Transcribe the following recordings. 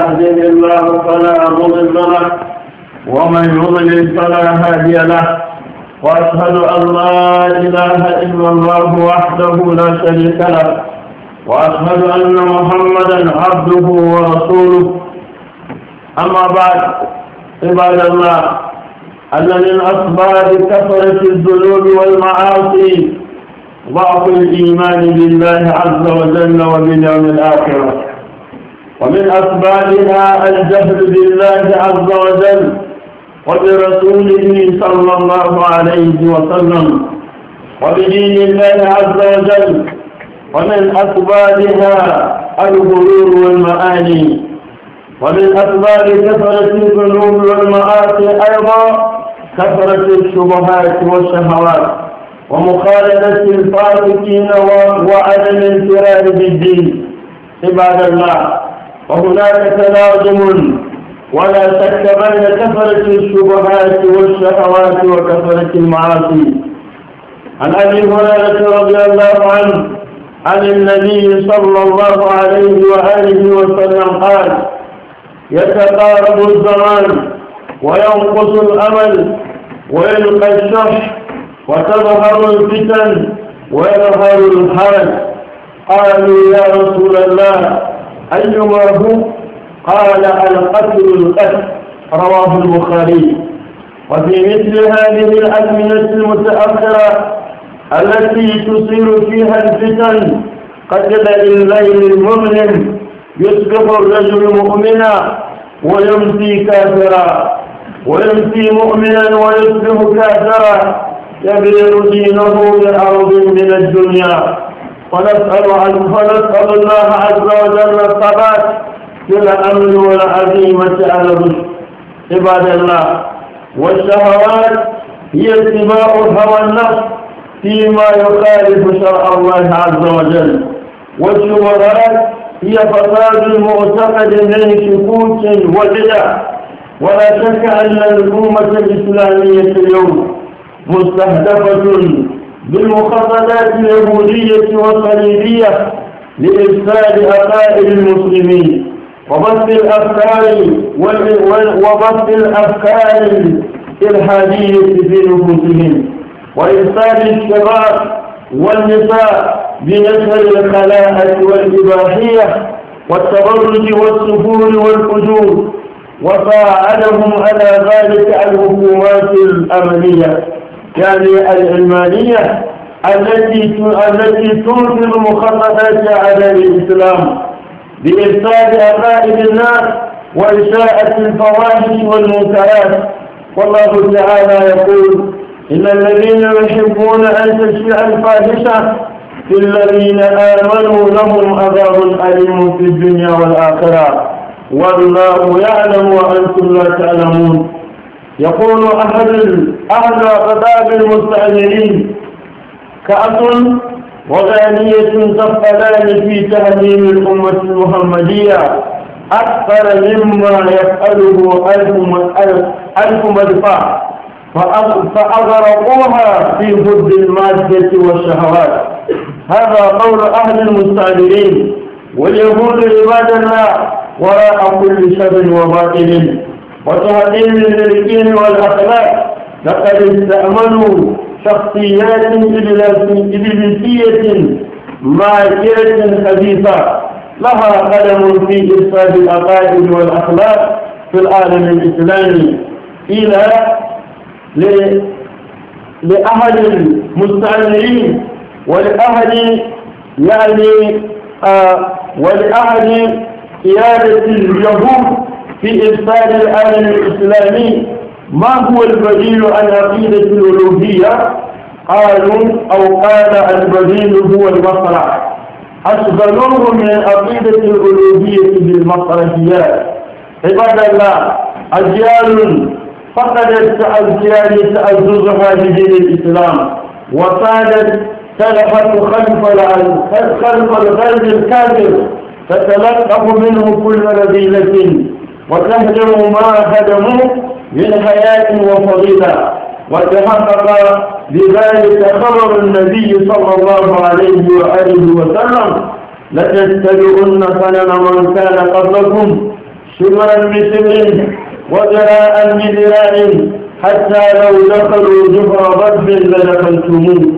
يهده الله فلا مضل له ومن يضلل فلا هادي له واشهد ان لا اله الا الله وحده لا شريك له واشهد ان محمدا عبده ورسوله اما بعد عباد الله ان من اسباب كثره الذنوب والمعاصي ضعف الايمان بالله عز وجل وباليوم الاخره ومن أسبابها الجهل بالله عز وجل وبرسوله صلى الله عليه وسلم وبدين الله عز وجل ومن أسبابها الغرور والمعاني ومن أسباب كثرة الذنوب والمآسي أيضا كثرة الشبهات والشهوات ومخالفة الفاسقين وعدم الفرار بالدين عباد الله وهناك تلازم ولا شك بين كثرة الشبهات والشهوات وكثرة المعاصي عن أبي هريرة رضي الله عنه عن النبي صلى الله عليه وآله وسلم قال يتقارب الزمان وينقص الأمل ويلقى الشح وتظهر الفتن ويظهر الحرج قالوا يا رسول الله أيما هو قال القتل القتل رواه البخاري وفي مثل هذه الأزمنة المتأخرة التي تصير فيها الفتن قتل الليل المظلم يصبح الرجل مؤمنا ويمسي كافرا ويمسي مؤمنا ويصبح كافرا يبرر دينه بأرض من الدنيا ونسأل عنه فنسأل الله عز وجل الثبات في الأمن والعزيمة على عباد الله والشهوات هي اتباع هوى النفس فيما يخالف شرع الله عز وجل والشبهات هي فساد المعتقد من شكوك وبدع ولا شك أن الأمة الإسلامية اليوم مستهدفة بالمخططات اليهودية والصليبية لإفساد عقائد المسلمين وبث الأفكار وبث الأفكار الإلحادية في نفوسهم وإفساد الشباب والنساء بنشر الخلاءة والإباحية والتبرج والسفور والفجور وساعدهم على ذلك الحكومات الأمنية يعني العلمانية التي التي تنظم مخططات أعداء الإسلام بإرسال عقائد الناس وإشاعة الفواحش والمنكرات والله تعالى يقول إن الذين يحبون أن تشيع الفاحشة في الذين آمنوا لهم عذاب أليم في الدنيا والآخرة والله يعلم وأنتم لا تعلمون يقول أحد أعلى قباب المستعمرين كأس وغانية تفعلان في تهديم الأمة المحمدية أكثر مما يفعله ألف ألف مدفع فأغرقوها في هد المادة والشهوات هذا قول أهل المستعمرين واليهود عباد الله وراء كل شر وباطل وتعديل للرجال والأخلاق لقد استأمنوا شخصيات إبليسية ماكرة خبيثة لها قدم في إرشاد العقائد والأخلاق في العالم الإسلامي إلى لأهل المستعمرين ولأهل يعني آه ولأهل قيادة اليهود في إرسال العالم الإسلامي ما هو البديل عن عقيدة الألوهية قالوا أو قال البديل هو المصرع أشغلوه من عقيدة الألوهية بالمصرحيات عباد الله أجيال فقدت أجيال تأززها لدين الإسلام وصادت سلفت خلف خلف الغرب الكافر فتلقف منه كل رذيلة وتهدم ما هدموا من حياة وفضيلة وتحقق بذلك خبر النبي صلى الله عليه وآله وسلم لتتبعن سنن من كان قبلكم شمرا بشمر وجراء بذراع حتى لو دخلوا جبر ضب لدخلتموه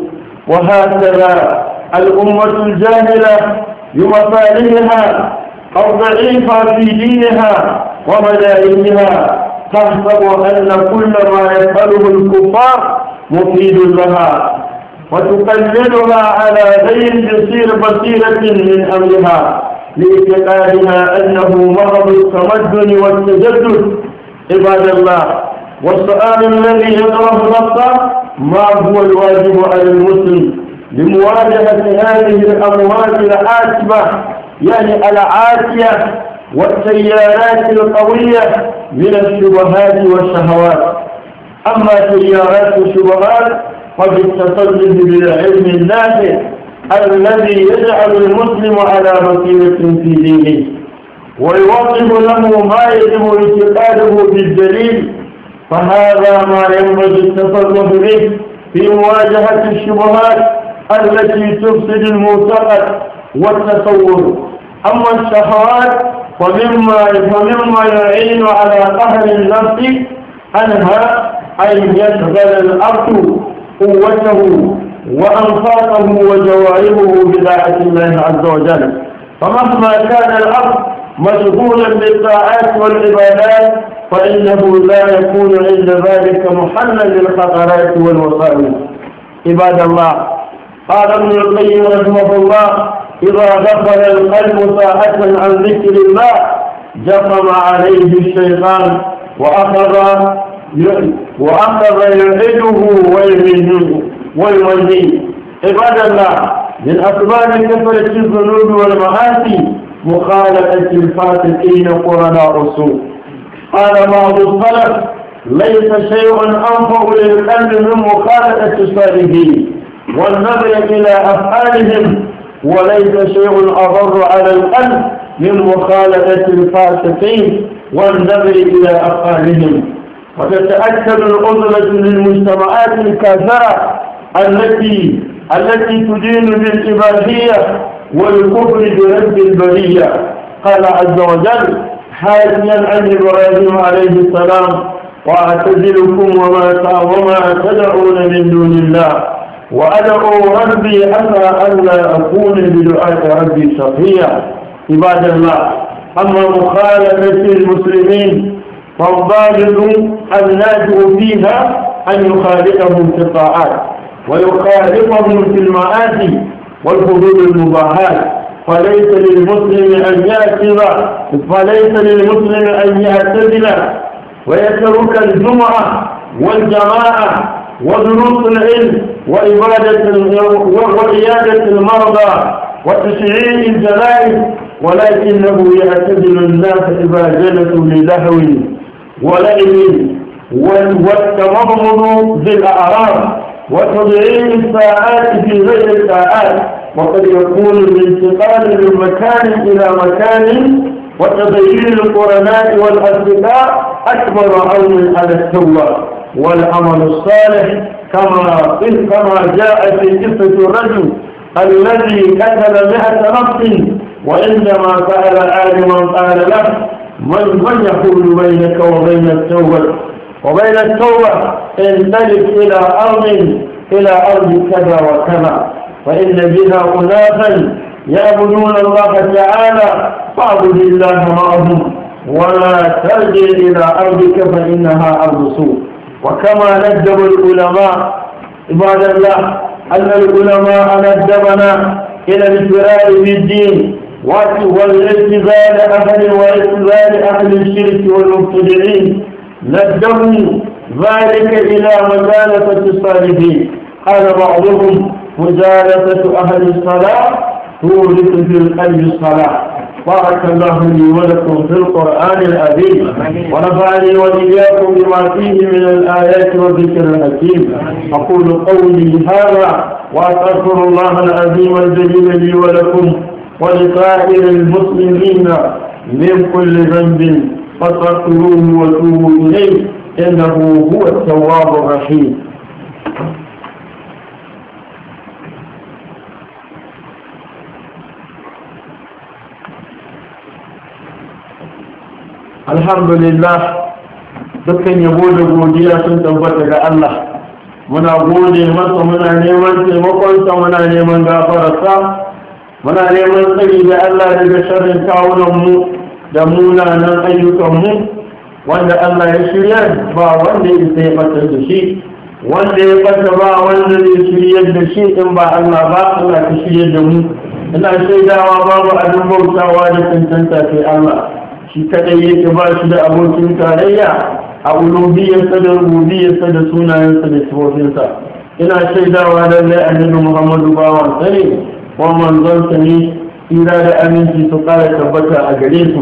وهكذا الأمة الجاهلة بمصالحها أو ضعيفة في دينها ومدائنها تحسب أن كل ما يفعله الكفار مفيد لها وتقللها على غير بصير بصيرة من أمرها لاعتقادها أنه مرض التمدن والتجدد عباد الله والسؤال الذي يطرح نفسه ما هو الواجب على المسلم لمواجهة هذه الأموات العاتبة يعني العاتية والتيارات القوية من الشبهات والشهوات أما تيارات الشبهات فبالتصرف بالعلم النافع الذي يجعل المسلم على بصيرة في دينه ويوضح له ما يجب اعتقاده بالدليل فهذا ما ينبغي التصرف به في مواجهة الشبهات التي تفسد المعتقد والتصور أما الشهوات ومما ومما يعين على قهر النفس أنها أن يشغل الأرض قوته وأنفاقه وجوارحه بطاعة الله عز وجل فمهما كان الأرض مشغولا بالطاعات والعبادات فإنه لا يكون عند ذلك محلا للخطرات والوسائل عباد الله قال ابن القيم رحمه الله إذا دخل القلب ساعة عن ذكر الله جفم عليه الشيطان وأخذ وأخذ يعده ويمنه ويوليه عباد الله من أسباب كثرة الذنوب والمعاصي مخالفة الفاسقين قرناء السوء قال بعض السلف ليس شيء أنفع للقلب من مخالفة الصالحين والنظر إلى أفعالهم وليس شيء أضر على القلب من مخالفة الفاسقين والنظر إلى أفعالهم وتتأكد العزلة للمجتمعات الكافرة التي التي تدين بالإباحية والكفر برب البرية قال عز وجل حاليا عن إبراهيم عليه السلام وأعتزلكم وما وما تدعون من دون الله وأدعو ربي أما ألا أكون بدعاء ربي شقيا عباد الله أما مخالفة المسلمين فالضابط ناجوا فيها أن يخالفهم في الطاعات ويخالفهم في المآسي والحدود المباهات فليس للمسلم أن يعتب فليس للمسلم أن يعتزل ويترك الجمعة والجماعة ودروس العلم وإبادة وعيادة المرضى وتشعير الجنائز ولكنه يعتدل الناس إذا جلسوا للهو ولعب والتمضمض بالأعراض وتضعيف الساعات في غير الساعات وقد يكون الانتقال من مكان إلى مكان وتغيير القرناء والأصدقاء أكبر عون على التوبة والعمل الصالح كما كما جاء في قصة الرجل الذي قتل مئة نفس وإنما سأل عالما قال له من من يحول بينك وبين التوبة وبين التوبة انطلق إلى أرض إلى أرض كذا وكذا فإن بها أناسا يعبدون الله تعالى فاعبد الله معهم ولا ترجع إلى أرضك فإنها أرض سوء وكما ندب العلماء عباد الله أن العلماء ندبنا إلى الفرار في الدين والاستزال أهل واستزال أهل الشرك والمبتدعين ندبوا ذلك إلى مجالسة الصالحين قال بعضهم مجالسة أهل الصلاة تورث في القلب الصلاة بارك الله لي ولكم في القرآن العظيم ونفعني وإياكم بما فيه من الآيات والذكر الحكيم أقول قولي هذا وأستغفر الله العظيم الجليل لي ولكم ولسائر المسلمين من كل ذنب فاستغفروه وتوبوا إليه إنه هو التواب الرحيم alhamdulillah dukkan yabo da godiya sun tabbata ga Allah muna gode masa muna neman taimakonsa muna neman gafararsa muna neman tsari da Allah daga sharrin mu da munanan mu. wanda Allah ya shirya ba wanda ya sai fata da shi wanda ya fata ba wanda zai shirya da shi in ba Allah ba Allah ya shirya da mu ina shaidawa babu abin bautawa da cancanta sai Allah shi kadai yake ba shi da abokin tarayya a uluhiyarsa da rububiyarsa da sunayensa da sifofinsa ina shaidawa lallai annabi muhammadu bawan sa ne wa ne tsira da aminci su kara tabbata a gare su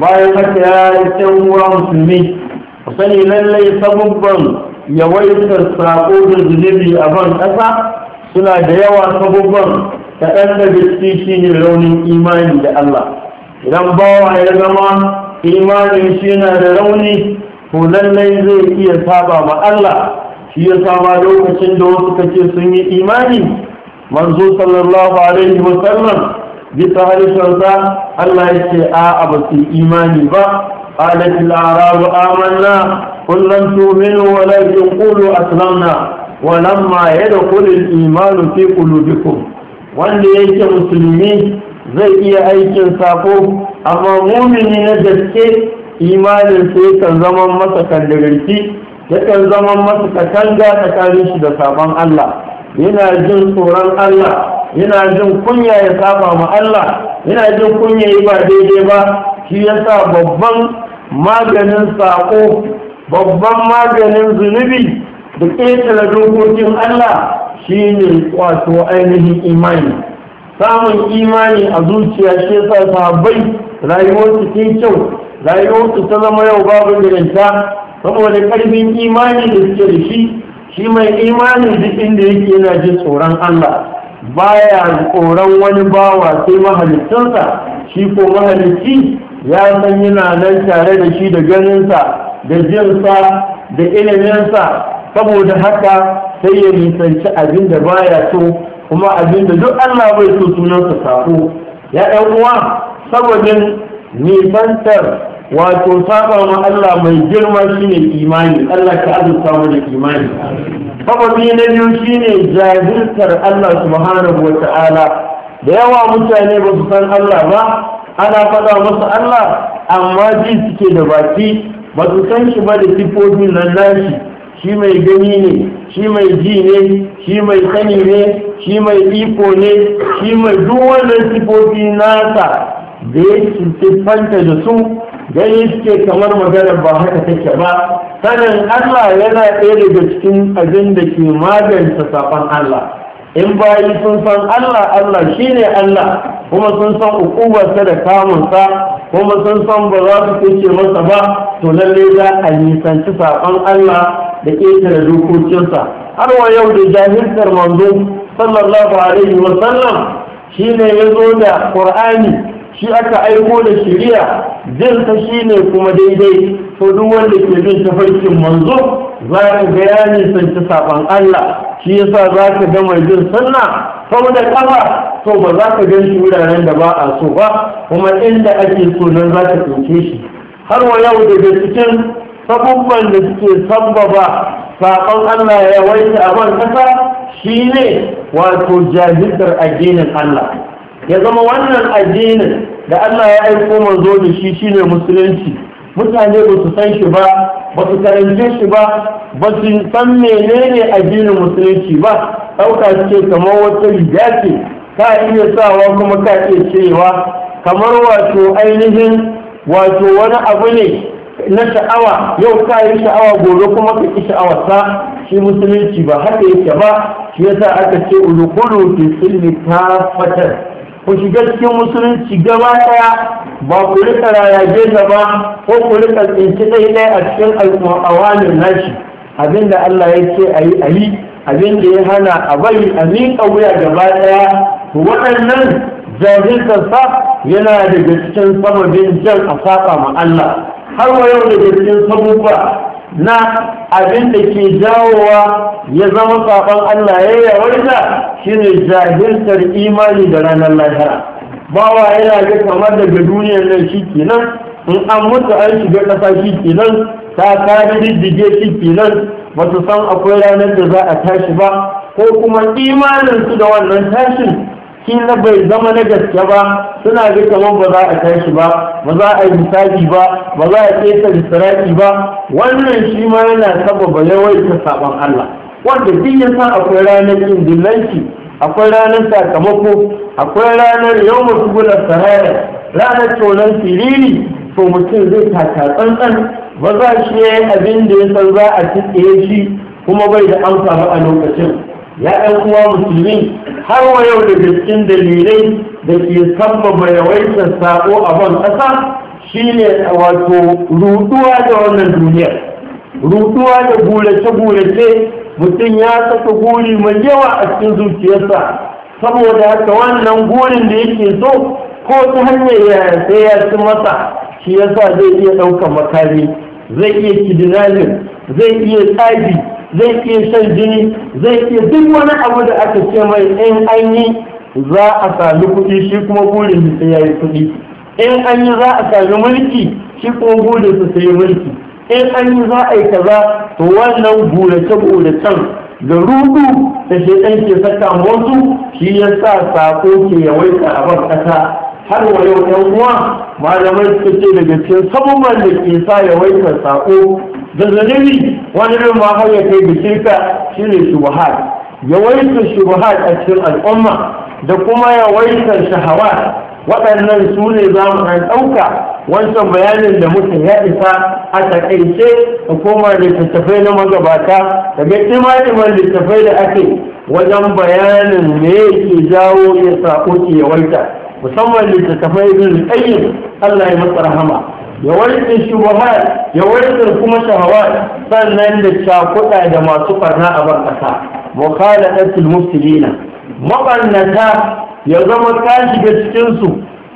bayan haka ya yi uwa musulmi ku sani lallai sabubban yawaitar sako da zunubi a ban ƙasa suna da yawa sabubban kaɗan daga shi ne raunin imani da allah idan bawa ya zama imanin shi na da rauni ko lallai zai iya saba ma Allah shi ya saba lokacin da wasu kace sun yi imani manzo sallallahu alaihi sallam bisa sa Allah ya ce a ba imani ba قالت الأعراب آمنا قل لم تؤمنوا ولكن قولوا أسلمنا ولما يدخل الإيمان في قلوبكم wanda yake musulmi zai iya aikin sako amma mumini na gaske imanin sai kan zama masa kandagarki yakan zama masa katanga tsakanin shi da sabon Allah yana jin tsoron Allah yana jin kunya ya saba ma Allah yana jin kunya yi ba daidai ba shi yasa babban maganin sako babban maganin zunubi da ƙetare dokokin Allah shi ne wato ainihin imani samun imani a zuciya shi yasa sahabbai rayuwarsu ta kyau rayuwarsu ta zama yau babu irinta saboda karfin imani da suke da shi shi mai imanin duk inda yake yana jin tsoron Allah baya tsoron wani bawa sai mahalicinsa shi ko mahalicci ya san yana nan tare da shi da ganinsa da jinsa da iliminsa saboda haka sai ya nisanci abin da baya so kuma abinda duk Allah bai so sunansa sako ya ɗan uwa saboda nisantar wato saba ma Allah mai girma shine imani Allah ka azurta mu da imani sababi na biyu shine jahiltar Allah subhanahu wa ta'ala da yawa mutane ba su san Allah ba ana faɗa masa Allah amma ji suke da baki ba su san shi ba da sifofin nan nashi shi mai gani ne shi mai ji ne shi mai sani ne shi mai iko ne shi mai duk sifofi nasa da ya siffanta da su yi suke kamar magana ba haka take ba sanin Allah yana ɗaya daga cikin abin da ke magance safan Allah in bayi sun san Allah Allah shine Allah kuma sun san ukubarsa da kamunsa kuma sun san ba za su kike masa ba to lallai za a nisanci safan Allah da ƙetare dokokinsa har wa yau da jahiltar manzo sallallahu alaihi wa sallam ne ya zo da ƙur'ani shi aka aiko da shiriya jinsa ne kuma daidai to duk wanda ke bin tafarkin manzo za ka ga ya nisanci saban Allah shi yasa za ka ga mai jin sunna sau da kafa to ba za ka gan shi wuraren da ba a so ba kuma inda ake so nan za ka ɗauke shi har wa yau daga cikin sabubban da suke sabbaba saƙon Allah ya yawaita a ban kasa shi ne wato jahiltar addinin Allah ya zama wannan addinin da Allah ya aiko manzo da shi shine musulunci mutane ba su san shi ba ba su karance shi ba ba su san menene addinin musulunci ba ɗauka ce kamar wata riga ce ka iya sawa kuma ka iya cewa kamar wato ainihin wato wani abu ne na sha'awa yau ka yi sha'awa gobe kuma ka ki sha'awarsa shi musulunci ba haka yake ba shi yasa aka ce ke fi ta kafatar ku shiga cikin musulunci gaba daya ba ku rika rayaje ta ba ko ku rika tsinci ɗaya a cikin al'awamin nashi abinda Allah ya ce a yi a yi abinda ya hana a bari a miƙa wuya gaba daya waɗannan jajirtarsa yana da sama sababin jan a saba ma Allah har wa yau da cikin sabuwa na abin da ke jawowa ya zama saban Allah ya yi shi ne jahiltar imani da ranar lahira bawa yana ga kamar daga duniyar nan shi kenan in an mutu an shiga ƙasa shi kenan ta kare diddige shi kenan ba su san akwai ranar da za a tashi ba ko kuma imaninsu da wannan tashin kila bai zama na gaske ba suna ga kamar ba za a tashi ba ba za a yi misali ba ba za a kesa lisiraki ba wannan shi ma yana sababa yawaita saban Allah wanda duk ya sa akwai ranar yin dillanci akwai ranar sakamako akwai ranar yau masu gula sarara ranar tonon siriri to mutum zai taka tsantsan ba za shi ya yi abin da ya san za a kitse shi kuma bai da amsa a lokacin ya ɗan uwa musulmi har wa yau da cikin dalilai da ke mai yawaitar sako a ban ƙasa shi shine wato ruduwa da wannan duniyar ruduwa da gulace-gulace mutum ya saka guri mai yawa a cikin zuciyarsa saboda haka wannan gurin da yake so ko ta hanyar yaya sai ya ci masa shi yasa zai iya ɗaukar makami zai iya kidinalin zai iya tsagi zai ke shan jini zai ke duk wani abu da aka ce mai in an yi za a sami kuɗi shi kuma burin su sai ya yi kuɗi in an yi za a sami mulki shi kuma burin su sai mulki in an yi za a yi kaza to wannan burace-buracen da rudu da shi ɗan ke saka wasu shi ya sa sako ke yawaita a ban ƙasa har wa yau ɗan uwa malamai suka ce daga cikin sabon da ke sa yawaitar sako da wani irin ma har ya kai bishirka shi ne shubuhat yawaitar shubuhat a cikin al'umma da kuma yawaitar shahawa waɗannan su ne za mu ɗan ɗauka wancan bayanin da muka ya isa a taƙaice da koma littattafai na magabata daga imanin littattafai da ake wajen bayanin me yake jawo ya sa'o'i yawaita musamman littattafai bin tsayin allah ya masa rahama ya warke shubahat ya warke kuma shahawat sannan da cakuɗa da masu farna a ban ƙasa mukhalaqatul muslimina mabannata ya zama ka shiga cikin su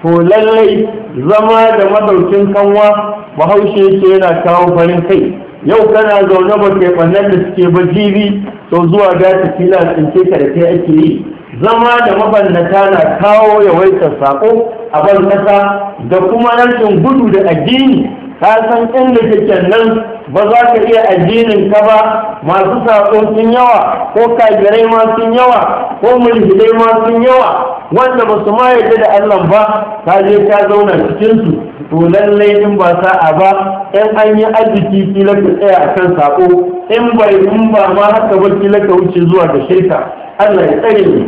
to lallai zama da madaukin kanwa bahaushe ce yana kawo farin kai yau kana zaune ba ke da suke ba jibi to zuwa gata kila tsinke ka da kai ake yi zama da mabannata na kawo yawaitar sako a bankasa, da kuma rashin gudu da addini ka san inda kake nan ba za ka iya addinin ka ba masu saƙo sun yawa ko kagirai ma sun yawa ko mulhidai ma sun yawa wanda ba su ma yadda da Allah ba ka je ka zauna cikin su to lallai in ba sa'a ba in an yi arziki kila ka tsaya akan sako in bai in ba ma haka ba kila ka wuce zuwa ga shaita Allah ya tsare mu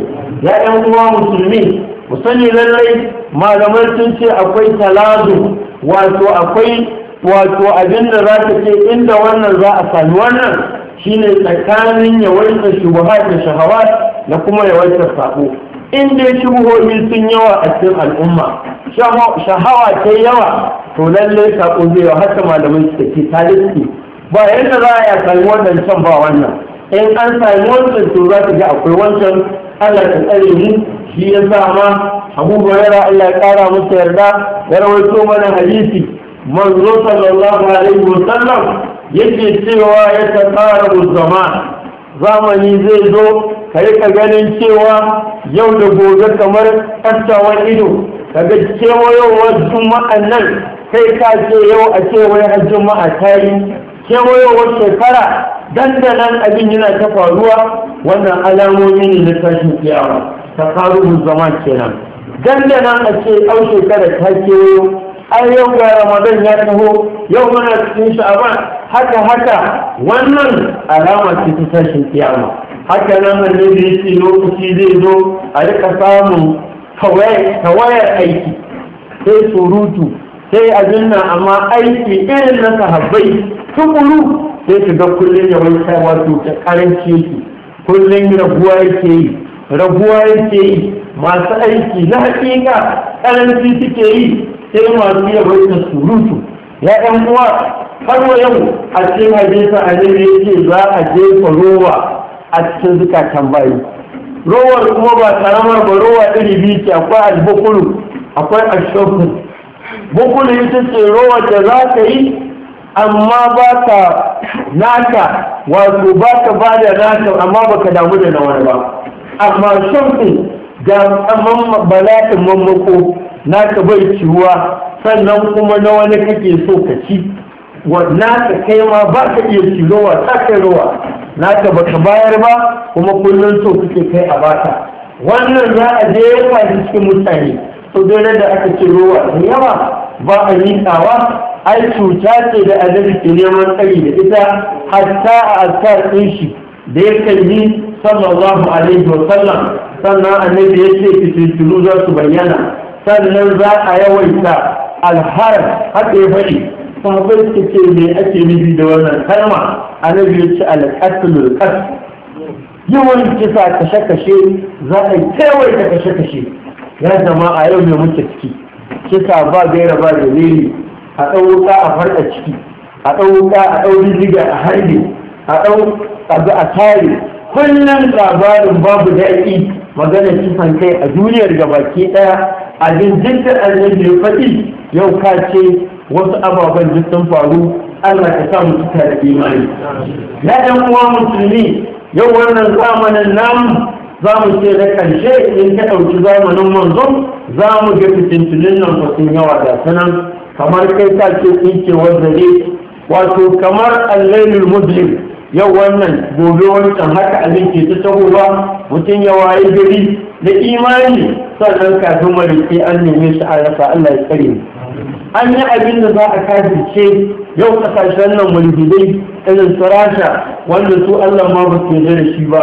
ya ɗan uwa musulmi mu sani lallai malaman sun ce akwai talazu wato akwai wato abin da za ta ce inda wannan za a sami wannan shine tsakanin yawaitar shubuhat da shahawat da kuma yawaitar sabo in dai shubuhohi sun yawa a cikin al'umma shahawa ta yawa to lallai sabo zai yawa haka malamai ta ke talisti ba yadda za a yi a sami wannan can ba wannan in an sami wancan to za ka ji akwai wancan Allah ka tsare mu shi ya sa ma Abu Hurairah Allah ya kara masa yarda ya rawaito mana hadisi manzo sallallahu alaihi wa sallam yake cewa ya tsara zaman zamani zai zo ka ganin cewa yau da gobe kamar tsaftawan ido kaga kewayowar juma'an nan kai ka ce yau a ce wai har juma'a ta yi kewayowar shekara dandanan abin yana ta faruwa wannan alamomi ne na tashin kiyama ta mu zaman kenan dandanan a ce au shekara ta kewayo ai yau ga ramadan ya taho yau muna cikin sha'aban haka haka wannan alama ce ta tashin kiyama haka nan annabi yake lokaci zai zo a rika samun tawayar aiki sai surutu sai abin nan amma aiki irin na sahabbai tukuru sai su ga kullum ya wai sai wato ta karanci yake kullum raguwa yake yi raguwa yake yi masu aiki na ga karanci suke yi sai masu yawai ta surutu ya ɗan uwa har wa yau a cikin hadisa a ne yake za a jefa rowa a cikin zukatan bayi rowar kuma ba karamar ba rowa iri biyu ce akwai albukulu akwai ashokun bukulu ita ce rowar da za ka yi amma ba ka naka wato ba ka ba da naka amma ba ka damu da na wani ba amma shamsin ga tsaman balatin mamako naka bai ciwa sannan kuma na wani kake so ka ci naka kai ma ba ka iya ci cirowa ta kai rowa naka ba ka bayar ba kuma kullum so kake kai a baka wannan za a je ya cikin mutane to dole da aka ci rowa da yawa ba a miƙawa ai cuta ce da annabi ke neman tsari da ita hatta a azkar ɗin shi da ya kalli sallallahu alaihi wa sallam sannan annabi ya ce fitintunu za su bayyana sannan za a yawaita alharar haka ya faɗi sahabai suka ce me ake nufi da wannan kalma annabi ya ce alƙatlul qatl yawan kisa kashe-kashe za a yawaita kashe-kashe ya zama a yau mai muke ciki kisa ba gaira ba dalili a ɗau a farɗa ciki a ɗau a ɗau diga a harbe a ɗau a tare kullum labarin babu daɗi magana kisan kai a duniyar gabaki ɗaya a jinjinta annabi ya faɗi yau ka ce wasu ababen duk sun faru Allah ka sa da imani na ɗan uwa musulmi yau wannan zamanin namu za mu ce da ƙarshe in ka ɗauki zamanin manzo za mu ga fitintunin nan fasin yawa da sanan kamar kai ta ce tsinkewar zare wato kamar allailul muslim yau wannan gobe wancan haka abin ke ta ba mutum ya waye gari da imani sannan kafin marike an neme shi a rasa allah ya tsare an yi abin da za a ce yau kasashen nan mulhidai irin su rasha wanda su allah ma ba su da shi ba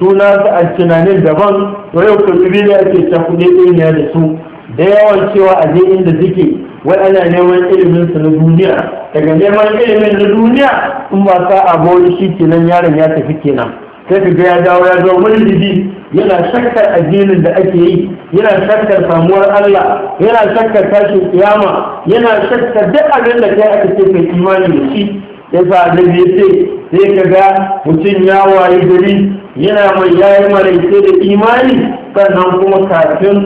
suna su a tunanin daban to yau da ake ta kuɗe ɗaya da su da yawan cewa a je inda suke wai ana neman ilimin su na duniya daga neman ilimin na duniya in ba sa abu shi kenan yaron ya tafi kenan sai ka ga ya dawo ya zo wani mulhidi yana shakkar addinin da ake yi yana shakkar samuwar Allah yana shakkar tashin kiyama yana shakkar duk abin da kai aka ce kai imani da shi yasa annabi ya ce sai ka ga mutum ya wayi gari yana mai yayi maraice da imani sannan kuma kafin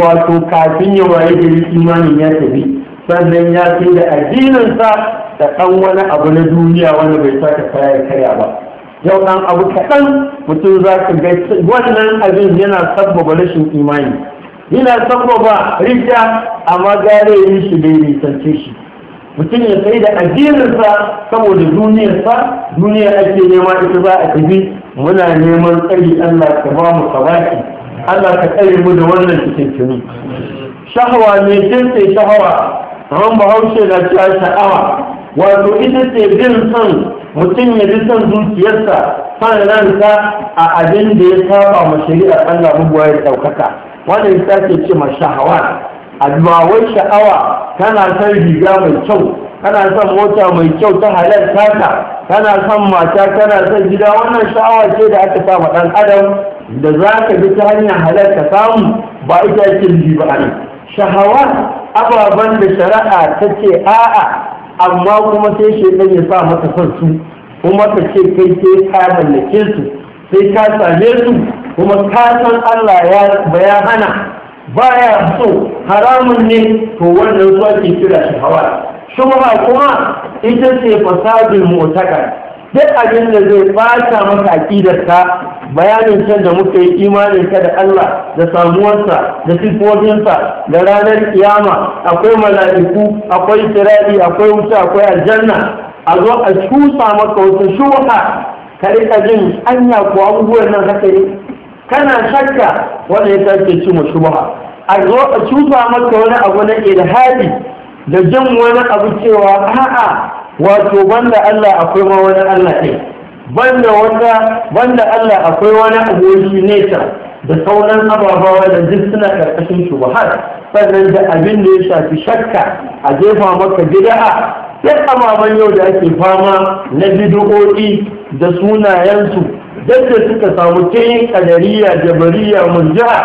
wato kafin ya wayi gari imanin ya tafi sannan ya ce da addininsa da ɗan wani abu na duniya wanda bai saka kaya kaya ba yau ɗan abu kaɗan mutum za ka ga wannan abin yana sabbaba rashin imani yana sabbaba rikya amma gare yin shi bai nisance shi mutum ya sai da addininsa saboda duniyarsa duniya ake nema ita za a tafi muna neman tsari Allah ka ba mu sabaki Allah ka tsare mu da wannan cikin shahawa ne jinsai shahawa kamar bahaushe na cewa sha'awa wato ita ce bin son mutum ya bi son zuciyarsa son ransa a abin da ya saba ma shari'ar Allah mubuwa ya ɗaukaka wannan ita ce ce ma shahawa ba wai sha'awa kana son riga mai kyau kana son mota mai kyau ta halartata, taka kana son mata kana son gida wannan sha'awa ce da aka sa ɗan adam da za ka bi ta hanyar halarta ka samu ba ita ce ba shahawa ababen da shari'a ta ce a'a amma kuma sai shaidan ya sa masa son su kuma ka ce kai sai ka mallake su sai ka same su kuma ka san Allah ya baya hana baya so haramun ne to wannan su ake kira shi hawa shubha kuma ita ce fasadin mutakar duk abin da zai bata maka aƙidarka bayanin can da muka yi imanin ka da Allah da samuwarsa da sifofinsa da ranar kiyama akwai mala'iku akwai sirari akwai wuta akwai aljanna a zo a cusa maka wata shuka ka rika jin anya ko abubuwan nan haka ne kana shakka wanda ya sake ci mu shubha a zo a cusa maka wani abu na ilhadi da jin wani abu cewa a'a wato banda Allah akwai ma wani Allah ɗin banda wanda banda Allah akwai wani aboki nesa da sauran ababawa da duk suna karkashin shubahar sannan da abin da ya shafi shakka a jefa maka bid'a duk ababen yau da ake fama na bid'o'i da sunayensu da suka samu tayin kadariya jabariya murji'a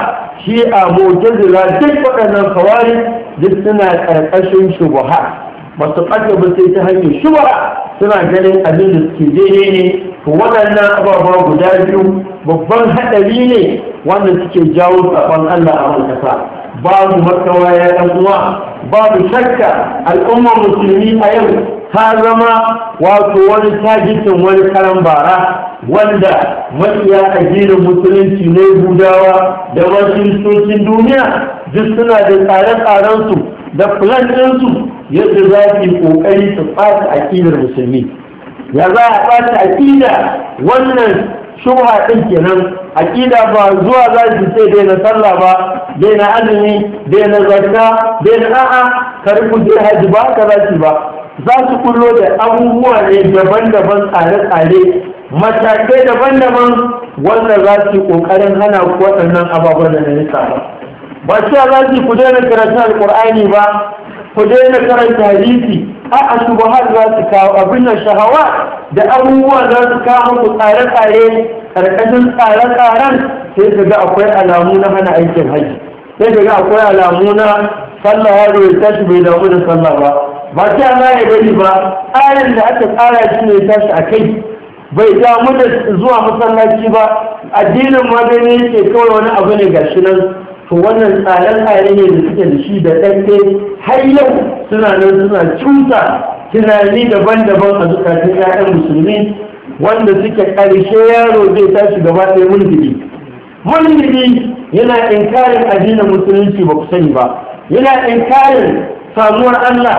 shi'a mu'tazila duk waɗannan kawari duk suna karkashin shubahar ba su ba sai ta hanyar shubara suna ganin abin da suke daidai ne to waɗannan ababa guda biyu babban haɗari ne wanda suke jawo saɓon Allah a ƙasa babu makawa ya ɗan uwa babu shakka al'ummar musulmi a yau ta zama wato wani tajikin wani karan bara wanda matsiya addinin musulunci ne gudawa da wasu duniya duk suna da tsare-tsarensu da plan ɗinsu yadda za su yi kokari su fata aƙidar musulmi ya za a fata aƙida wannan shubha ɗin kenan aƙida ba zuwa za su ce daina sallah ba daina azumi daina zakka daina a'a ka je haji ba ka za ba za su kullo da abubuwa ne daban-daban tsare-tsare matakai daban-daban wanda za su ƙoƙarin hana ku waɗannan ababen da na nisa ba ba za su ku daina karatun alƙur'ani ba ku daina karanta hadisi a a har za su kawo abin shahawa da abubuwa za su kawo ku tsare-tsare karkashin tsare-tsaren sai ka ga akwai alamu na hana aikin haji sai ka ga akwai alamu na sallah yaro ya tashi bai damu da sallah ba ba sai ya gani ba tsarin da aka tsara shi ne tashi a kai bai damu da zuwa masallaci ba addinin magani ke kawai wani abu ne gashi nan to wannan tsare-tsare ne da suke da shi da ɗanɗe har yau suna nan suna cuta tunani daban-daban a zukatun 'ya'yan musulmi wanda suke ƙarshe yaro zai tashi gaba ɗaya mulkiri mulkiri yana inkarin addinin musulunci ba ku sani ba yana inkarin samuwar allah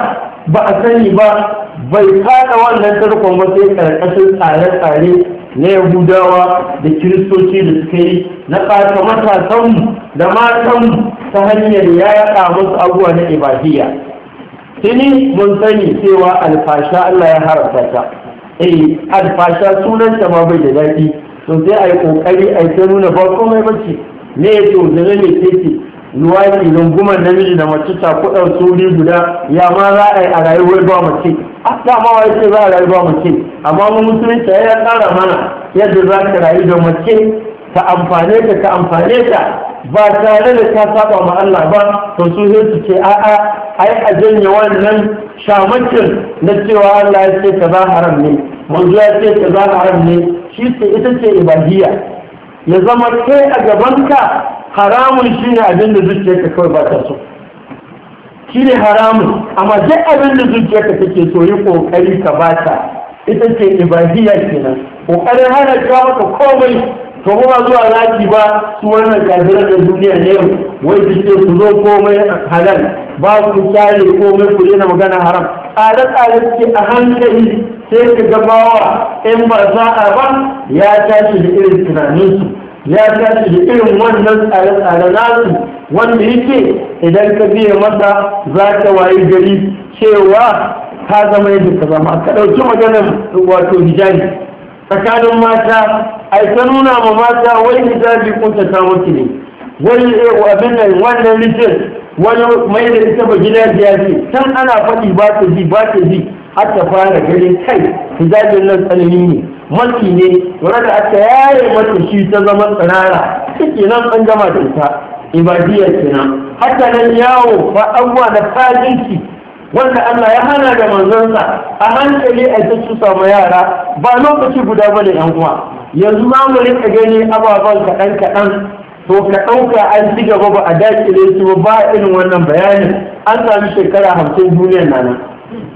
ba a sani ba bai kaɗa wannan tarkon ba sai ƙarƙashin tsare-tsare na yahudawa da kiristoci da suka yi na ƙasa matasanmu da matanmu ta hanyar ya yaɗa musu abuwa na ibadiyya tuni mun sani cewa alfasha allah ya haramta ta eh alfasha sunanta ma bai da daɗi to sai a yi ƙoƙari a yi ta nuna ba komai bace ne ya ce ne ce luwaɗi rungumar namiji da mace ta kuɗa suri guda ya ma za a yi a rayuwar ba mace a dama wa ce za a rayu ba mace amma mu musulunta ya tsara mana yadda za ka rayu da mace ta amfane ta ta amfane ta ba tare da ta saba ma Allah ba to su sai su ce a'a ai a janye wannan shamancin na cewa Allah ya ce za haram ne manzo ya ce za haram ne shi ce ita ce ibadiyya ya zama kai a gabanka haramun shi ne abin da zuciyarka kawai ba ta so shi ne haramun amma duk abin da zuciyarka take so yi kokari ka ba ta ita ce ibadiyya kenan kokarin hana ka maka komai to kuma zuwa zaki ba su wannan kafiran da duniya ne wai su ce su zo komai halal ba ku kyale komai ku daina magana haram tsare-tsare a hankali sai ka gabawa in ba za'a ba ya tashi da irin tunaninsu ya tashi da irin wannan tsare-tsare nasu wanda yake idan ka biya masa za ka wayi gari cewa ka zama yadda ka zama ka ɗauki maganar wato hijabi tsakanin mata ai ta nuna ma mata wai hijabi kunta ta ne wani eh, abin nan wannan rikin wani mai da ita ba gida ya ce can ana faɗi ba ta ji ba ta ji har ta fara ganin kai hijabin nan tsanani ne mafi ne wani da aka yaye mata shi ta zama tsanara suke nan an gama da ita ibadiyar kenan haka nan yawo ba abuwa da fajinki wanda Allah ya hana da manzonsa a hankali a ta su samu yara ba lokaci guda bane yan uwa yanzu ma mu gani ababen kaɗan kaɗan to ka ɗauka an ci gaba ba a dakile su ba irin wannan bayanin an sami shekara hamsin duniyar nan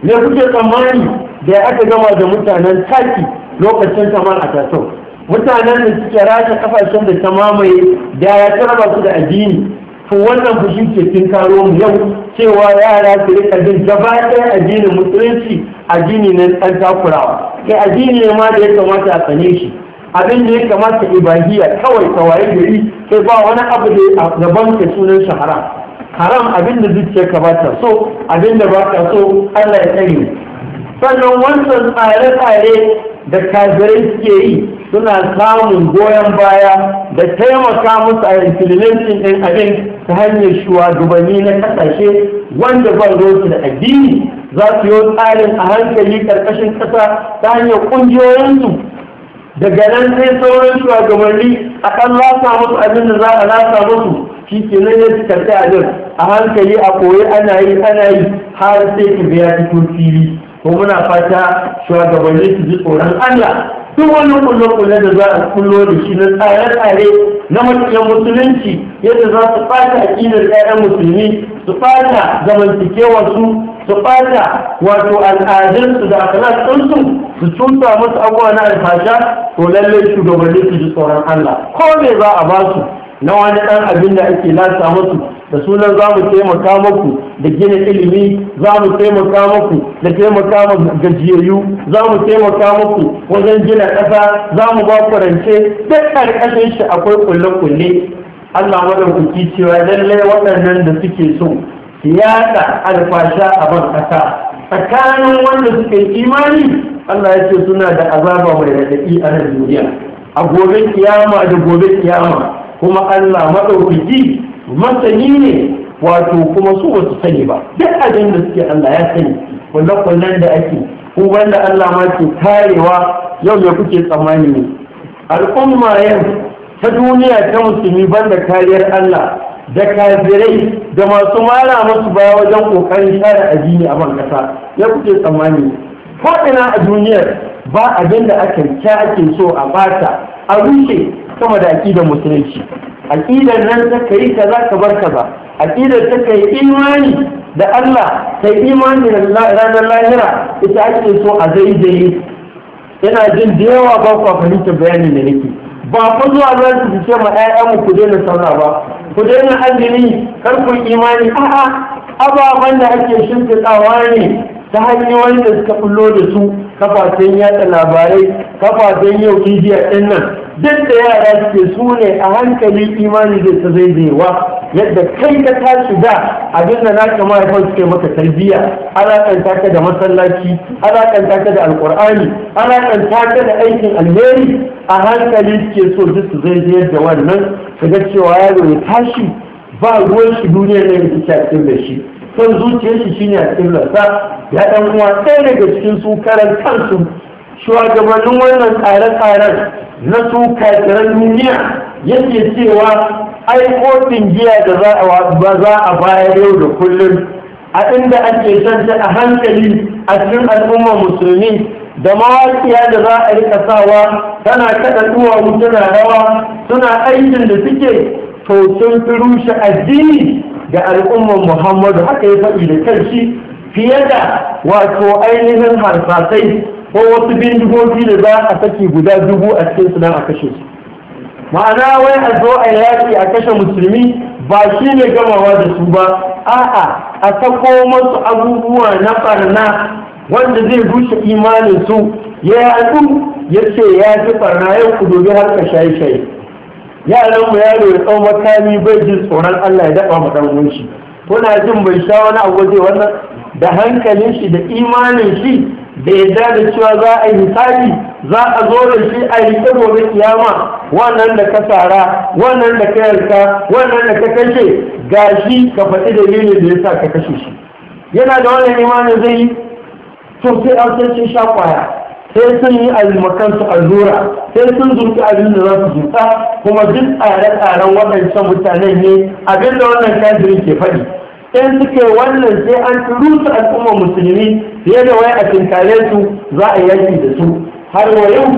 ne kuke tsammani da aka gama da mutanen taki lokacin kamar a tasau mutanen da suke rasa kafashen da ta mamaye da ya taraba su da addini to wannan fushi ke tun karo mu yau cewa yara su rika jin gaba ɗaya addinin musulunci addini na ɗan takurawa kai addini ne ma da ya kamata a sane shi abin da ya kamata ibahiyya kawai tawaye gari sai ba wani abu da ya gaban ka sunan shi haram haram abin da zuciya ba so abin da ba ta so Allah ya tsare sannan wancan tsare-tsare da kafirai suke yi suna samun goyon baya da taimaka musu a implementin ɗin abin ta hanyar shugabanni na ƙasashe wanda ban rosu da addini za su yi tsarin a hankali ƙarƙashin ƙasa ta hanyar ƙungiyoyinsu daga nan sai sauran shugabanni a kan lasa musu abin da za a lasa musu shi ke nan ya ci karfi a hankali a koyi ana yi ana yi har sai ki biya cikin fili ko muna fata shugabanni su ji tsoron Allah duk wani kullum kulle da za a kullo da shi na tsare-tsare na matsayin musulunci yadda za su fata ƙinar 'ya'yan musulmi su fata su. su ɓata wato al'adunsu da akhlaƙinsu su tunta musu abuwa na alfasha to lallai shugabanni su ji tsoron Allah ko me za a ba su na wani ɗan abin da ake lasa musu da sunan za mu taimaka muku da gina ilimi za mu taimaka muku da taimaka mu gajiyayyu za mu taimaka muku wajen gina ƙasa za mu ba ku rance duk ƙarƙashin shi akwai kulle-kulle Allah madauki cewa lallai waɗannan da suke so siyasa alfasha a ban ƙasa tsakanin wanda suka yi imani Allah ya ce suna da azaba mai raɗaɗi a nan duniya a gobe kiyama da gobe kiyama kuma Allah maɗaukaki masani ne wato kuma su wasu sani ba duk abin da suke Allah ya sani kullakullan da ake ku wanda Allah ma ke karewa yau ya kuke tsammani ne al'umma yau ta duniya ta musulmi banda kariyar Allah da kafirai da masu mara masu baya wajen kokarin share addini a ban kasa ya kuke tsammani ko ina a duniyar ba abin da aka kya ake so a bata a rushe sama da aƙidar musulunci aƙidar nan ta kai kaza ka bar kaza aƙidar ta kai imani da Allah kai imani da ranar lahira ita ake so a zaizaye ina jin da yawa ba ku fahimtar bayanin da nake ba ku zuwa za su fice ma 'ya'yanmu ku daina sallah ba ku daina azumi kar ku imani a'a ababen da ake shimfiɗawa ne ta hanyar da suka bullo da su kafafen yaɗa labarai kafafen yau bidiyo ɗin nan duk da yara suke su ne a hankali imani da ta zaizayewa yadda kai ka tashi da abin da naka mahaifar suke maka tarbiyya alaƙanta ka da masallaci alaƙanta ka da Alƙur'ani, alaƙanta ka da aikin alheri a hankali suke so duk su zaizayar da wannan Ka ga cewa yaro ya tashi ba ruwan shi duniyar ne ita a cikin da shi son zuciyar shi shine a cikin ya dan uwa ɗaya daga cikin su karan kansu shugabannin wannan tsare-tsaren na su kakiran duniya yake cewa ai giya da za a bayar yau da kullum a inda ake shanta a hankali a cikin al'ummar musulmi da mawaƙiya da za a yi sawa tana kaɗa duwawu tana rawa suna aikin da suke to sun fi rushe addini ga al'ummar muhammadu haka ya faɗi da kanshi fiye da wato ainihin harsasai ko wasu bindigogi da za a saki guda dubu a cikin su nan a kashe su ma'ana wai a zo a yaƙi a kashe musulmi ba shi ne gamawa da su ba a'a a sako masu abubuwa na barna wanda zai rushe imanin su ya yaɗu ya ce ya fi barna yau ku dubi har ka shaye shaye yaran mu yaro ya tsawon makami bai jin tsoron Allah ya daɓa maɗan shi kuna jin bai sha wani abu zai wannan da hankalin shi da imanin shi da yadda da cewa za a yi hisabi za a zo da shi a yi ta gobe kiyama wannan da ka tsara, wannan da ka yarka wannan da ka kashe shi ka faɗi da yini da ya sa ka kashe shi yana da wannan imanin zai yi to sai an san sha kwaya sai sun yi a allura sai sun zurfi abin da za su zurfa kuma duk tsare-tsaren waɗancan mutanen ne abin da wannan kafirin ke faɗi in suke wannan sai an su al'ummar musulmi fiye da wai a tinkare su za a yaki da su har wa yau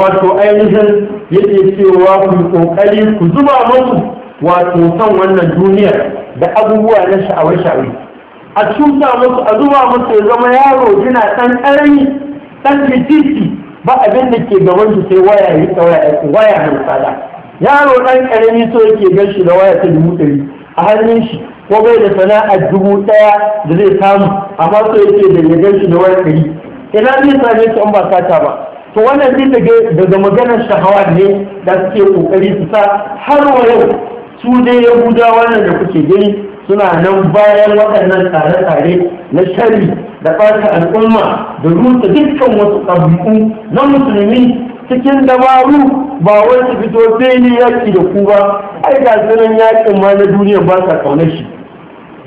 wato ainihin yake cewa ku kokari ku zuba musu wato san wannan duniyar da abubuwa na sha'awar sha'awi. a cuta musu a zuba musu ya zama yaro jina ɗan ƙarami ɗan fititi ba abin da ke gaban su sai waya ya waya mai tsada yaro ɗan ƙarami so yake gan shi da waya ta dubu ɗari a hannun shi ko bai da sana'ar dubu ɗaya da zai samu amma so yake da ya shi da wani kari ina zai sami su an ba sata ba to wannan zai daga daga maganar shahawa ne da suke kokari su sa har wa yau su dai yahudawa wannan da kuke gani suna nan bayan waɗannan tsare-tsare na shari da ɓata al'umma da rusa dukkan wasu ƙabi'u na musulmi cikin dabaru ba wani fito sai ni yaki da ku ba ai ga sunan yakin ma na duniya ba sa kauna shi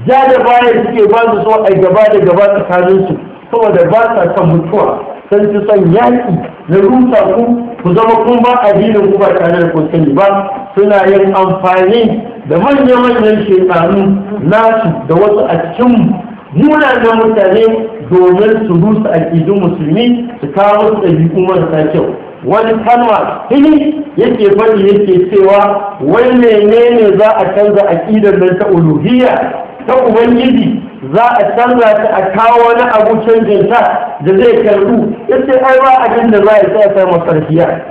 ja da baya suke ba su so ai gaba da gaba tsakanin su saboda ba sa son mutuwa san ci son yaki na rusa ku ku zama kun ba addinin ku ba tare da kun ba suna yin amfani da manya-manyan shekaru nasu da wasu a cikin munanan mutane domin su rusa aƙidun musulmi su kawo su ɗabi'u marasa kyau wani kalma hili yake faɗi yake cewa wai menene za a canza aƙidar nan ta uluhiyya ta ubangiji za a canza ta a kawo wani abu canjin ta da zai karbu yace ai ba abin da za a sa ta mafarkiya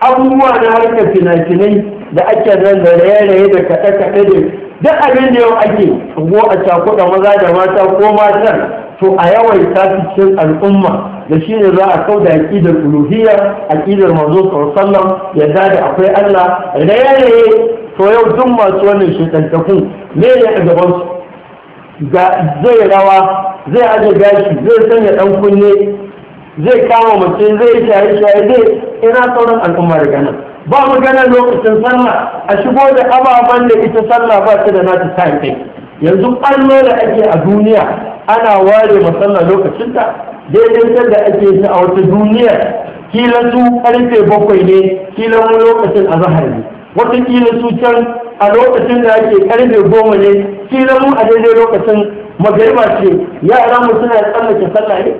abubuwa na harkar fina-finai da ake nan da raye-raye da kaɗe-kaɗe da duk abin da yau ake go a cakuɗa maza da mata ko matar to a yawai ta cikin al'umma da shi ne za a kau da aƙidar uluhiyya aƙidar manzo sallam yadda da akwai Allah da yanayi to yau duk masu wannan shekantakun ne ne a gaban su. zai rawa zai aje gashi zai sanya ɗan kunne zai kama mace zai shaye shaye zai ina sauran al'umma daga nan ba magana lokacin sallah a shigo da ababen da ita sallah ba ta da nata sa kai yanzu ƙwallo da ake a duniya ana ware masallah lokacinta daidai da ake shi a wata duniya kila su ƙarfe bakwai ne kila mu lokacin a zahar ne wata kila su can a lokacin da ake ƙarfe goma ne kila mu a daidai lokacin magariba ce yaran mu suna tsallake sallah ne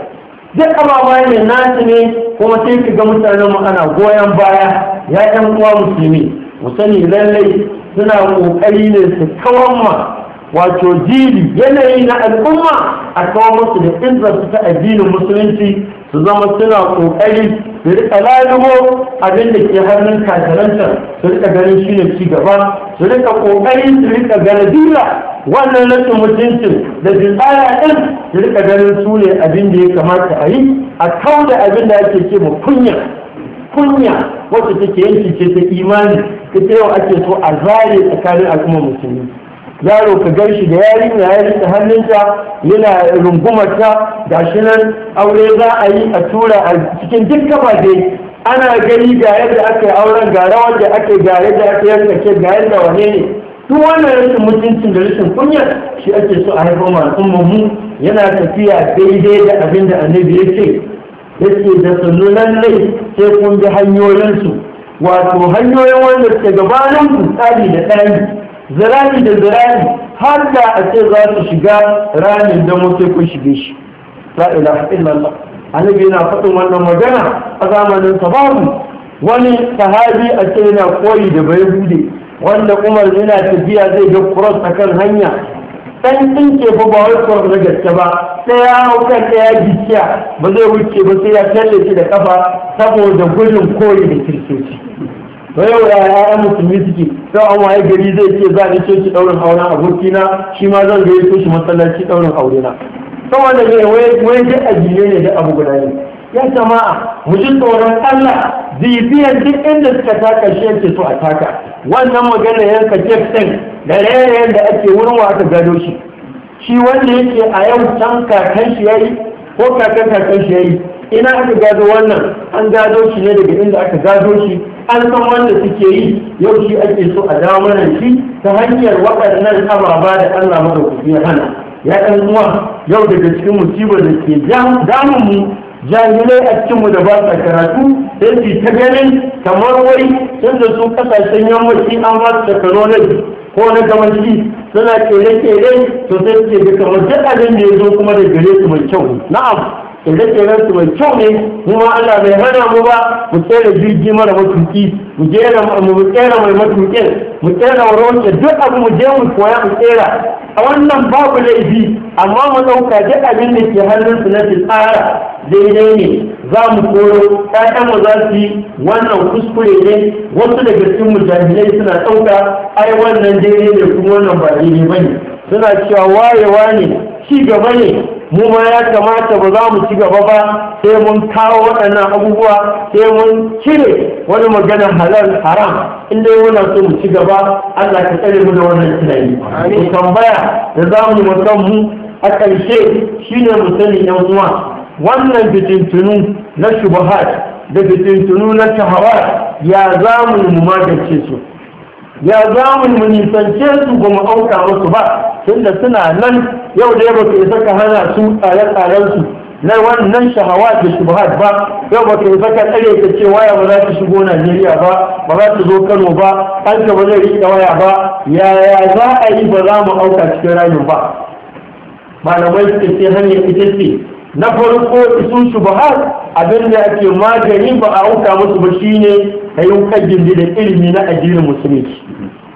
duk ababen ne su ne kuma sai ki ga mutanen mu ana goyon baya ya ɗan uwa musulmi mu sani lallai suna ƙoƙari ne su kawar ma wato jiri yanayi na al'umma a kawo musu da inda su ta addinin musulunci su zama suna kokari su rika lalubo abin da ke hannun kakaranta su rika ganin shi ne ci gaba su rika kokari su rika galadila wannan rashin mutuncin da jinaya ɗin su rika ganin su ne abin da ya kamata a yi a kawo da abin da ake ce ma kunya kunya wacce take yanki ce ta imani ita yau ake so a zare tsakanin al'ummar musulmi yaro ka gan shi da yari ya ta hannunta yana rungumarta ga shi nan aure za a yi a tura a cikin duk kafafe ana gani ga yadda aka yi auren ga rawar da aka yi ga yadda aka yi sake ga yadda wane ne duk wannan rashin mutuncin da rashin kunya shi ake so a haifar ma al'ummar yana tafiya daidai da abin da annabi ya ce ce da sannu lallai sai kun bi hanyoyinsu wato hanyoyin wanda suke gabanin tsari da tsari zirani da zirani har da a ce za su shiga ranin da mutu kun shige shi la ilaha illallah annabi yana faɗin wannan magana a zamanin sababu wani sahabi a ce yana koyi da bai bude wanda umar yana tafiya zai ga cross akan hanya dan ke ba ba wai cross na gaske ba sai ya hau kan ɗaya gikiya ba zai wuce ba sai ya tallace da kafa saboda gudun koyi da kirkeci to yau ya ya'yan musulmi suke sai an waye gari zai ce za a ce ki daurin auren na shi ma zan yake shi masallaci daurin aurena saboda ne wai duk addinai ne da abu guda ne ya jama'a mu ji tsoron Allah bibiyar duk inda suka taka shi yake so a taka wannan magana yanka ɗin da rayayen da ake wurin wata gado shi shi wanda yake a yau can kakan shi yayi ko kakan kakan shi yayi ina aka gado wannan an gado shi ne daga inda aka gado shi an san wanda suke yi yau shi ake so a dawo mana shi ta hanyar waɗannan ababa da Allah madaukaki ya hana ya ɗan uwa yau daga cikin musibar da ke damun mu jahilai a mu da ba sa karatu sai su ta ganin kamar wai sun da su kasashen yammaci an ba su technology ko na gamanci suna kere-kere sosai sai su da kamar duk abin da ya zo kuma da gare su mai kyau na'am ke nan su mai kyau ne mu ma Allah bai hana mu ba mu tsere jirgi mara matuƙi mu jera mu tsere mai matuki mu tsere wa rawanke duk abu mu je mu koya mu tsera a wannan babu laifi amma mu ɗauka duk abin da ke hannun su na tsara daidai ne za mu koro mu za su yi wannan kuskure ne wasu daga cikin jami'ai suna ɗauka ai wannan daidai ne kuma wannan ba daidai ba ne suna cewa wayewa ne ci gaba ne mu ma ya kamata ba za mu ci gaba ba sai mun kawo waɗannan abubuwa sai mun cire wani magana halal haram in dai muna so mu ci gaba Allah ka tsare mu da wannan tunani mu tambaya da za mu musan mu a ƙarshe shine mu sani yan uwa wannan fitintunu na shubuhat da fitintunu na Tahawar ya za mu magance su ya za mu yi nisance su ga mu auka musu ba tunda suna nan yau da ba ka saka hana su tsare-tsaren su na wannan shahawa da shubhat ba yau ba ka saka tsare ta ce waya ba za ta shigo Najeriya ba ba za ta zo Kano ba an ba zai rika waya ba yaya za a yi ba za mu auka cikin ramin ba malamai suka ce hanyar ita ce na farko isu shubahat abin da ake magani ba a auka musu ba shine kayan kaddin da ilimi na addinin musulunci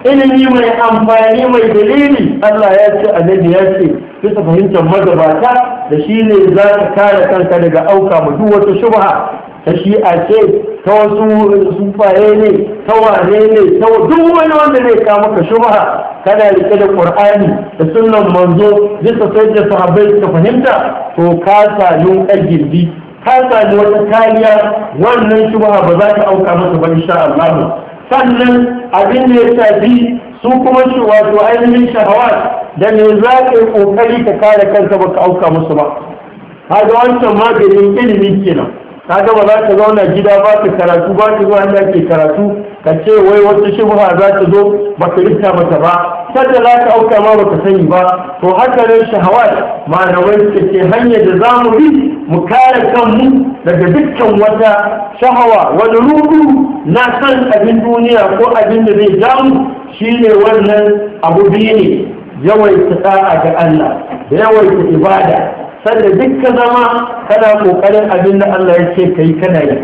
ilimi mai amfani mai dalili Allah ya ce annabi ya ce bisa fahimtar magabata da shi ne za ka kare kanka daga auka mu duk wata shubha ta shi'a ce ta wasu sufaye ne ta wane ne ta duk wani wanda ne kawo maka shubha kana rike da qur'ani da sunnan manzo ta sai da sahabbai fahimta to ka sami girbi, ka sami wata kariya wannan shubha ba za ka auka masa ba insha Allah sannan abin da ya tafi su kuma shi wato ainihin shahawat da me za ka yi ƙoƙari ka kare kanka ba ka auka musu ba. Hada wancan maganin ilimi kenan. Na ba za ta zauna gida ba ka karatu ba ka zo inda ke karatu ka ce wai wata shubha za ta zo ba ka rikta mata ba sadda za ka auka ma ba ka sani ba to haka ne shahawat malamai suka ce hanyar da za mu bi mu kare kanmu daga dukkan wata shahawa wani rudu na san abin duniya ko abin da zai jamu shine wannan abu biyu ne yawaita da'a ga Allah da yawaita ibada sanda duk zama kana kokarin abin da Allah ya ce kai kana yi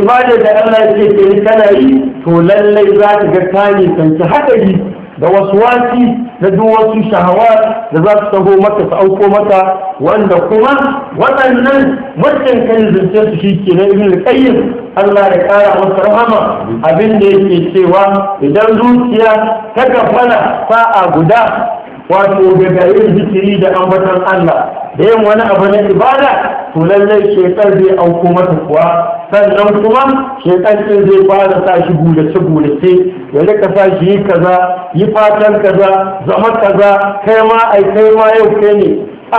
ibada da Allah ya ce kai kana yi to lallai za ka ga ka nisanci haɗari da wasu wasi da duk wasu shahawa da za su taho mata su auko mata. wanda kuma waɗannan mutum kan zance su shi ke na ibn qayyim Allah ya ƙara masa rahama abin da yake cewa idan zuciya ta gafana sa'a guda wato ga yin zikiri da ambatan Allah da yin wani abu na ibada to lallai shekar zai auko masa kuwa sannan kuma shekar ɗin zai fara sa shi gulace gulace ya rika sa shi yi kaza yi fatan kaza zama kaza kai ma ai kai ma yau kai ne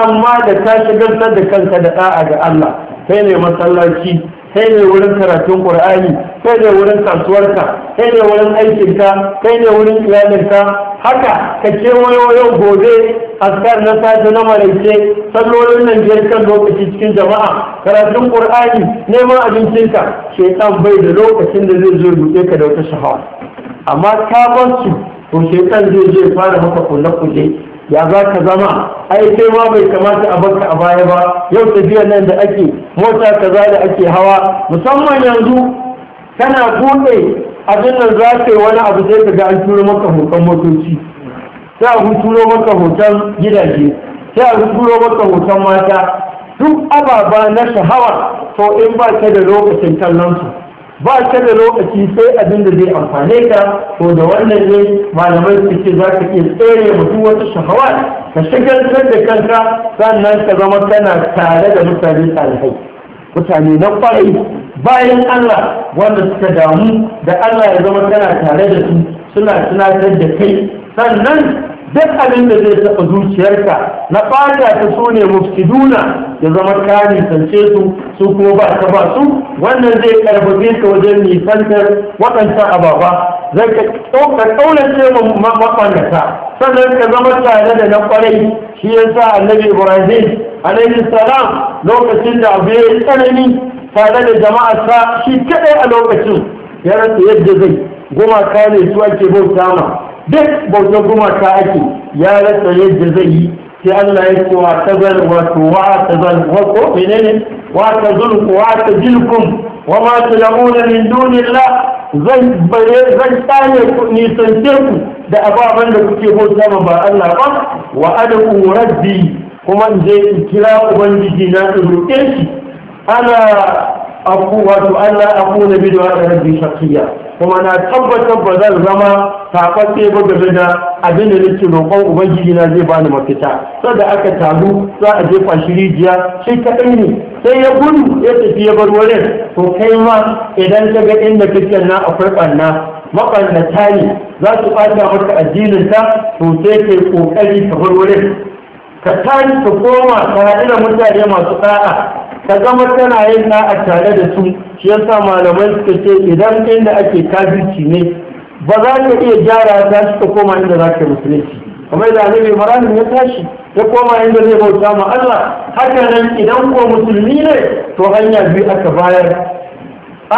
amma da ta shigar da kanka da da'a ga Allah kai ne masallaci Kai ne wurin karatun ƙur'ani? Kai ne wurin kasuwarka Kai ne wurin aikinka Kai ne wurin iyalinka haka ka kewayo yau gobe askar na safe na maraice sallolin nan biyar kan lokaci cikin jama'a karatun ƙur'ani neman abincinka shaitan bai da lokacin da zai zo buɗe ka da wata shahawa amma ka bar su to zai je fara maka kulle kulle ya za ka zama ai sai ma bai kamata a baka a baya ba yau tafiyar nan da ake mota kaza da ake hawa musamman yanzu kana buɗe abin nan za ka yi wani abu sai ka ga an turo maka hoton motoci sai an turo maka hoton gidaje sai an turo maka hoton mata duk ababa na shahawa to in ba ka da lokacin kallon su ba ta da lokaci sai abin da zai amfane ka to da wannan ne malamai su ce za ka iya tsere mutum wata shahawa ka shagaltar da kanka sannan ka zama kana tare da mutane salihai mutane na kwarai bayan Allah wanda suka damu da Allah ya zama kana tare da su suna tunatar da kai sannan duk abin da zai taɓa zuciyarka na ɓata ta so ne mufsiduna ya zama ka nisance su su kuma ba ta ba su wannan zai karfafe ka wajen nisantar waɗancan ababa zai ka ƙaunace maɓannata sannan ka zama tare da na ƙwarai shi ya sa annabi ibrahim alaihi salam lokacin da abu ya yi tsanani tare da jama'arsa shi kaɗai a lokacin ya rasa yadda zai gumaka kane su ake bauta ma duk bauta kuma ta ake ya rasa yadda zai yi sai Allah ya ce wa wato wa ta zan wa ko menene wa ku wa tazilkum wa ma la'una min la zan bare zan tsare ku ni san ku da ababan da kuke bauta ma ba Allah ba wa adu rabbi kuma in je in kira ubangiji na in roƙe shi ana abu wato Allah aku na da rabbi shaqiya kuma na tabbatar ba zan zama tafafe ba game da abin da nake roƙon ubangiji na zai bani mafita sada aka taru za a jefa shi rijiya shi kaɗai ne sai ya gudu ya tafi ya bar wurin to kai ma idan ka ga inda kake na akwai ɓanna maɓannata ne za su ɓata maka addininka to sai ka yi ƙoƙari ka bar wurin ka tashi ka koma ka haɗu da mutane masu ɗa'a ta gama tana yin na a tare da su shi yasa malamai suka ce idan kai da ake kafirci ne ba za ka iya gyara ta shi ta koma inda za ka musulunci kuma da mai maranin ya tashi ya koma inda zai bauta ma Allah haka nan idan ko musulmi ne to hanya biyu aka bayar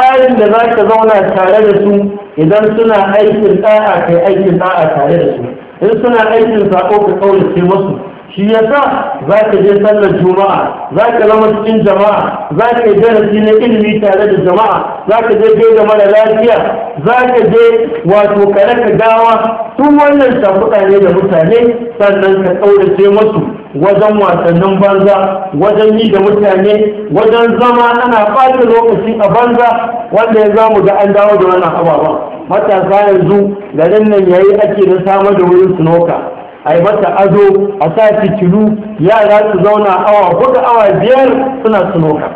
ayin da za ka zauna tare da su idan suna aikin da'a kai aikin da'a tare da su in suna aikin sako ka kaurace musu shi yasa za ka je sallar juma'a za ka zama cikin jama'a za ka yi darasi na ilimi tare da jama'a za ka je gai da mara lafiya za ka je wato kare ka gawa tun wannan shafuka ne da mutane sannan ka ƙaurace masu wajen wasannin banza wajen yi da mutane wajen zama ana ɓata lokaci a banza wanda ya zamu ga an dawo da wannan ababen, matasa yanzu garin nan yayi ake da samar da wurin sunoka a yi mata ado a sa fitilu yara su zauna awa hudu awa biyar suna sunoka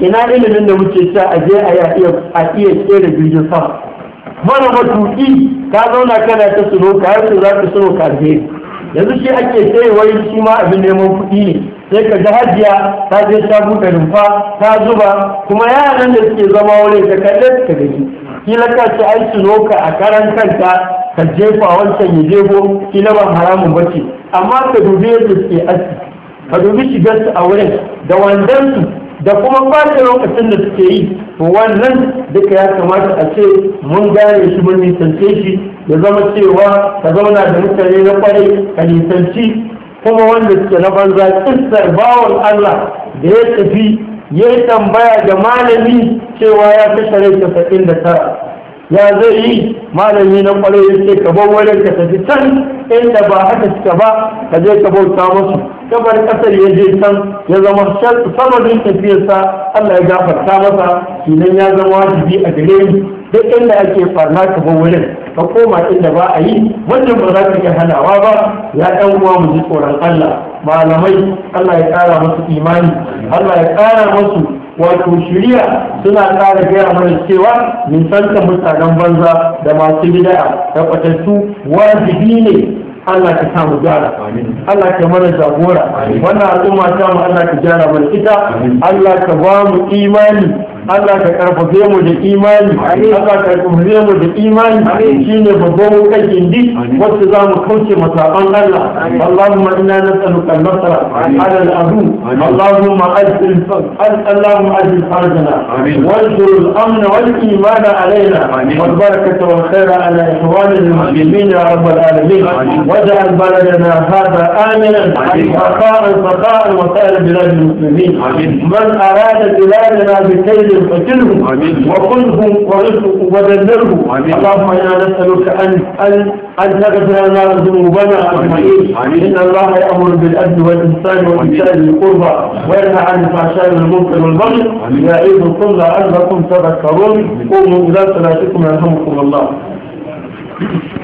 ina ilimin da muke sa a je a iya kera jirgin sama mana matuƙi ka zauna kana ta sunoka har su za ka sunoka alheri yanzu shi ake sai wai shi ma abin neman kuɗi ne sai ka ga hajiya ta je ta buɗe rumfa ta zuba kuma yaran da suke zama wurin ka kaɗe ka gani kila ka ci ai sunoka a karan kanta ka jefa wancan ya jefo kila ba haramun bace amma ka dubi yadda suke aski ka dubi shigar su a wurin da wandansu da kuma ɓata lokacin da suke yi to wannan duka ya kamata a ce mun gane shi mun nisance shi ya zama cewa ka zauna da mutane na kwarai ka nisanci kuma wanda suke na banza kissar bawon Allah da ya tafi ya yi tambaya da malami cewa ya kashe rai tasa'in ya zai yi malami na kwarai ya ce ka bar wajen ka tafi can inda ba haka cika ba ka je ka bauta musu kamar kasar ya je can ya zama samarin tafiyarsa Allah ya gafarta masa kinan ya zama wajibi a gare ni duk inda ake farna ka bar wajen ka koma inda ba a yi wajen ba za ka ga hanawa ba ya ɗan uwa mu ji tsoron Allah malamai Allah ya ƙara musu imani Allah ya ƙara musu wato shirya suna ƙara gaya mana cewa nisanta mutanen banza da masu gida da fatattu wajibi ne Allah ka samu gyara Allah ka mana jagora wannan al'umma ta mu Allah ka gyara mana ita Allah ka ba mu imani Allah ka karfafe mu da imani Allah ka karfafe mu da imani shine babban wukakin di wacce za mu kauce masaban Allah Allahumma inna nas'aluka al-nasra ala al-adu Allahumma ajil Allahumma ajil farjana وانشر الامن والايمان علينا والبركه والخير على اخوان المسلمين يا رب العالمين واجعل بلدنا هذا امنا رخاء سخاء وسائر بلاد المسلمين من اراد بلادنا بكيد فكلهم وقلهم ورزقه وذللهم اللهم إنا نسألك أن أن أن تغفر لنا ذنوبنا أجمعين إن الله يأمر بالعدل والإحسان وإيتاء ذي القربى وينهى عن الفحشاء والمنكر والبغي يعظكم لعلكم تذكرون قوموا إلى صلاتكم يرحمكم الله Thank you.